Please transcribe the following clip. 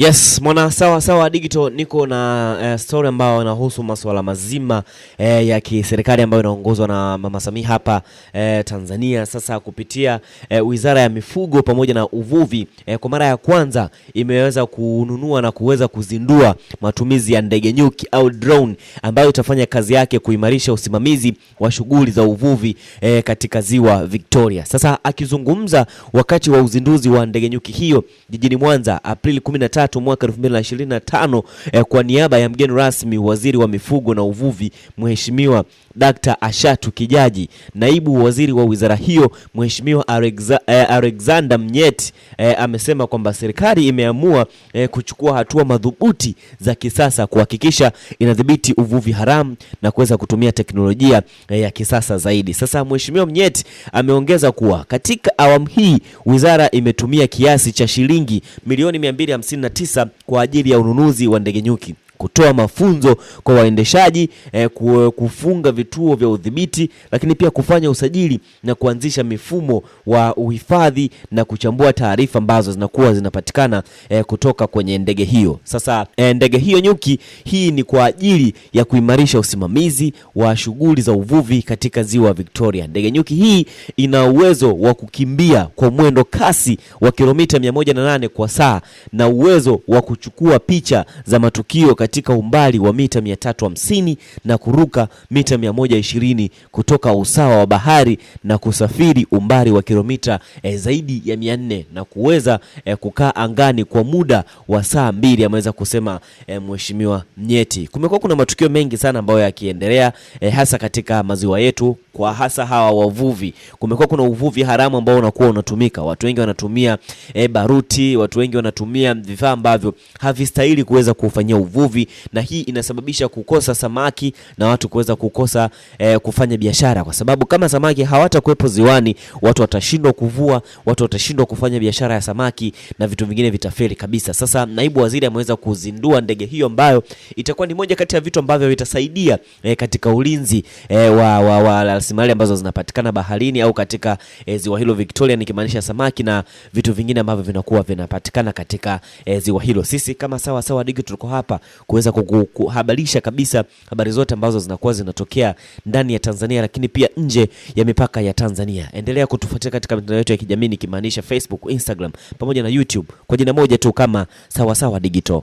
Yes, mwana sawa sawa digital, niko na uh, story ambayo inahusu masuala mazima uh, ya kiserikali ambayo inaongozwa na Mama Samia hapa uh, Tanzania. Sasa kupitia uh, Wizara ya Mifugo pamoja na Uvuvi uh, kwa mara ya kwanza imeweza kununua na kuweza kuzindua matumizi ya ndege nyuki au drone ambayo itafanya kazi yake kuimarisha usimamizi wa shughuli za uvuvi uh, katika Ziwa Victoria. Sasa akizungumza wakati wa uzinduzi wa ndege nyuki hiyo jijini Mwanza Aprili 13 tatu mwaka 2025 eh, kwa niaba ya mgeni rasmi waziri wa mifugo na uvuvi Mheshimiwa Dr. Ashatu Kijaji, naibu waziri wa wizara hiyo Mheshimiwa eh, Alexander Mnyeti eh, amesema kwamba serikali imeamua eh, kuchukua hatua madhubuti za kisasa kuhakikisha inadhibiti uvuvi haramu na kuweza kutumia teknolojia eh, ya kisasa zaidi. Sasa Mheshimiwa Mnyeti ameongeza kuwa katika awamu hii wizara imetumia kiasi cha shilingi milioni 255 tisa kwa ajili ya ununuzi wa ndege nyuki kutoa mafunzo kwa waendeshaji eh, kufunga vituo vya udhibiti, lakini pia kufanya usajili na kuanzisha mifumo wa uhifadhi na kuchambua taarifa ambazo zinakuwa zinapatikana eh, kutoka kwenye ndege hiyo. Sasa eh, ndege hiyo nyuki hii ni kwa ajili ya kuimarisha usimamizi wa shughuli za uvuvi katika ziwa Victoria. Ndege nyuki hii ina uwezo wa kukimbia kwa mwendo kasi wa kilomita 108 kwa saa na uwezo wa kuchukua picha za matukio katika umbali wa mita 350 na kuruka mita 120 kutoka usawa wa bahari na kusafiri umbali wa kilomita e, zaidi ya 400 na kuweza e, kukaa angani kwa muda wa saa mbili, ameweza kusema e, Mheshimiwa Nyeti. Kumekuwa kuna matukio mengi sana ambayo yakiendelea e, hasa katika maziwa yetu kwa hasa hawa wavuvi. Kumekuwa kuna uvuvi haramu ambao unakuwa unatumika, watu wengi wanatumia e, baruti, watu wengi wanatumia vifaa ambavyo havistahili kuweza kufanyia uvuvi uvuvi, na hii inasababisha kukosa samaki na watu kuweza kukosa eh, kufanya biashara, kwa sababu kama samaki hawatakuwepo ziwani, watu watashindwa kuvua, watu watashindwa kufanya biashara ya samaki na vitu vingine vitafeli kabisa. Sasa naibu waziri ameweza kuzindua ndege hiyo ambayo itakuwa ni moja kati ya vitu ambavyo vitasaidia eh, katika ulinzi eh, wa, wa, wa rasilimali ambazo zinapatikana baharini au katika eh, ziwa hilo Victoria, nikimaanisha samaki na vitu vingine ambavyo vinakuwa vinapatikana katika eh, ziwa hilo. Sisi kama sawa digi tuko hapa kuweza kuhabarisha kabisa habari zote ambazo zinakuwa zinatokea ndani ya Tanzania, lakini pia nje ya mipaka ya Tanzania. Endelea kutufuatilia katika mitandao yetu ya kijamii nikimaanisha Facebook, Instagram pamoja na YouTube kwa jina moja tu kama Sawasawa Digital.